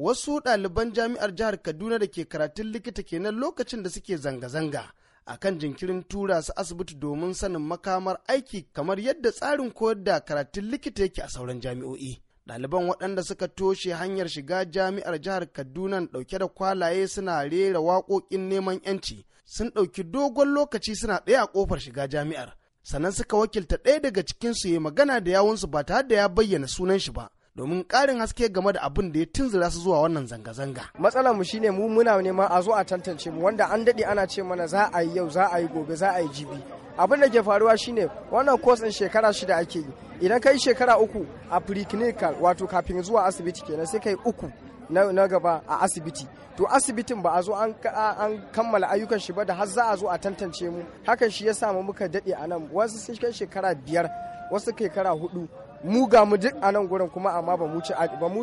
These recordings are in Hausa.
wasu ɗaliban jami'ar jihar kaduna da ke karatun likita kenan lokacin da suke zanga-zanga a kan jinkirin tura su asibiti domin sanin makamar aiki kamar yadda tsarin koyar da karatun likita yake a sauran jami'o'i ɗaliban waɗanda suka toshe hanyar shiga jami'ar jihar kaduna ɗauke da kwalaye suna rera waƙoƙin neman 'yanci sun ɗauki dogon lokaci suna ɗaya a ƙofar shiga jami'ar sannan suka wakilta ɗaya daga cikinsu ya magana da yawunsu ba tare da ya bayyana sunan shi ba domin karin haske game da abin da ya tunzura su zuwa wannan zanga-zanga. Matsalar mu shine mu muna neman a zo a tantance mu wanda an daɗe ana ce mana za a yi yau za a yi gobe za a yi jibi. Abin da ke faruwa shine wannan course din shekara shida ake yi. Idan kai shekara uku a preclinical wato kafin zuwa asibiti kenan sai kai uku na, gaba a asibiti to asibitin ba a zo an, kammala ayyukan shi ba da har za a zo a tantance mu hakan shi ya samu muka daɗe anan nan wasu sun kai shekara biyar wasu kai kara hudu mu ga mu duk a nan gurin kuma amma ba mu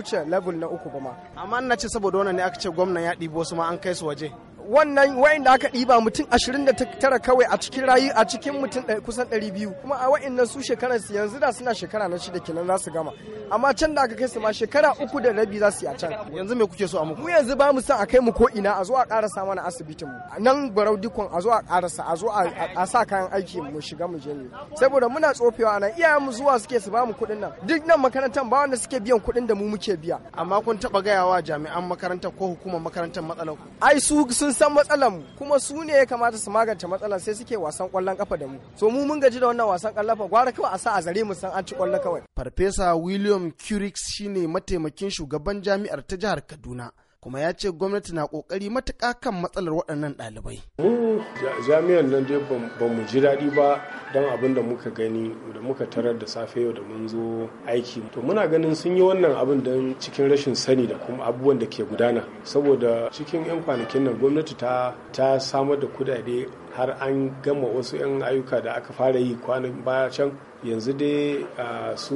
ci level na uku ba ma amma na ci saboda wannan ne aka ce gwamnan ya ɗibo su ma an kai su waje wannan da aka ɗiba mutum 29 kawai a cikin rayu a cikin mutum kusan 200 kuma a nan su shekarar su yanzu da suna shekara na shida kenan za su gama amma can da aka kai su ma shekara uku da rabi za su yi a can yanzu me kuke so a muku mu yanzu ba mu san a kai mu ko ina a zo a karasa mana asibitin mu nan barau dukkan a zo a karasa a zo a sa kayan aiki mu shiga mu je ne saboda muna tsofewa nan iyayen mu zuwa suke su ba mu kuɗin nan duk nan makarantar ba wanda suke biyan kuɗin da mu muke biya amma kun gaya gayawa jami'an makarantar ko hukumar makarantar matsalar ai su sun san matsalar mu kuma su ne ya kamata su magance matsalar sai suke wasan kwallon kafa da mu so mu mun gaji da wannan wasan kwallon kafa gwara kawai a sa a zare mu san an ci kwallo kawai farfesa william curix shine mataimakin shugaban jami'ar ta jihar kaduna kuma ya ce gwamnati na kokari matuƙa kan matsalar waɗannan ɗalibai. mu jami'an nan dai ba mu ji daɗi ba don abin da muka gani da muka tarar da safe yau da mun zo aiki to muna ganin sun yi wannan abin don cikin rashin sani da kuma abubuwan da ke gudana saboda cikin 'yan kwanakin nan gwamnati ta ta samar da kudade har an gama wasu 'yan ayyuka da aka fara yi kwanan baya can yanzu dai ah, su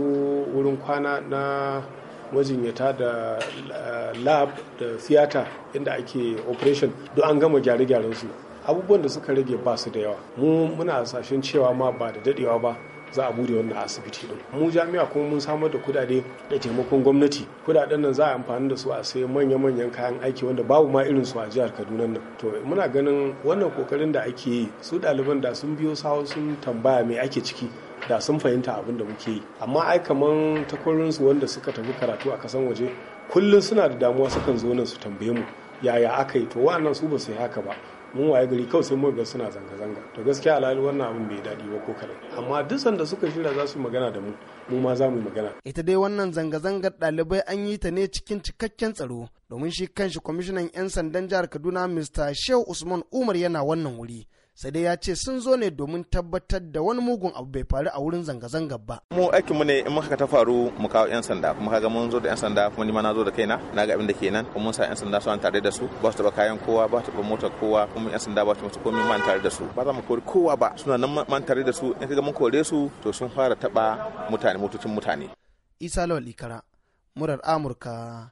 wurin kwana na majinyata da eh, lab da theater inda ake operation duk an gama gyare-gyaren su abubuwan da suka rage ba su da yawa mu muna hasashen cewa ma ba da dadewa ba za a bude wannan asibiti din mu jami'a kuma mun samar da kudade da taimakon gwamnati kudaden nan za a amfani da su a sayi manya-manyan kayan aiki wanda babu ma irin su a jihar kaduna nan to muna ganin wannan kokarin da ake yi su ɗaliban da sun biyo sawo sun tambaya me ake ciki da sun fahimta abin da muke yi amma ai kaman takwarorinsu wanda suka tafi karatu a kasan waje kullum suna da damuwa sukan zo nan su tambaye mu yaya aka yi to wa'annan su ba su yi haka ba mun waye gari kawai sai mu ga suna zanga-zanga to gaskiya alhali wannan abin bai daɗi ba ko kaɗan amma duk sanda suka shirya za su magana da mu mu ma za mu magana ita dai wannan zanga-zangar ɗalibai an yi ta ne cikin cikakken tsaro domin shi kanshi kwamishinan 'yan sandan jihar kaduna mr shehu usman umar yana wannan wuri sai dai ya ce sun zo ne domin tabbatar da wani mugun abu bai faru a wurin zanga zanga ba. Mu aikin mu ne in muka ta faru mu kawo yan sanda kuma kaga mun zo da yan sanda kuma ni ma na zo da kaina na ga abin da kenan kuma mun sa yan sanda suna tare da su ba su taba kayan kowa ba su taba mota kowa kuma yan sanda ba su musu komai man tare da su ba za mu kori kowa ba suna nan man tare da su in kaga mun kore su to sun fara taba mutane motocin mutane. Isa Lawal Ikara murar Amurka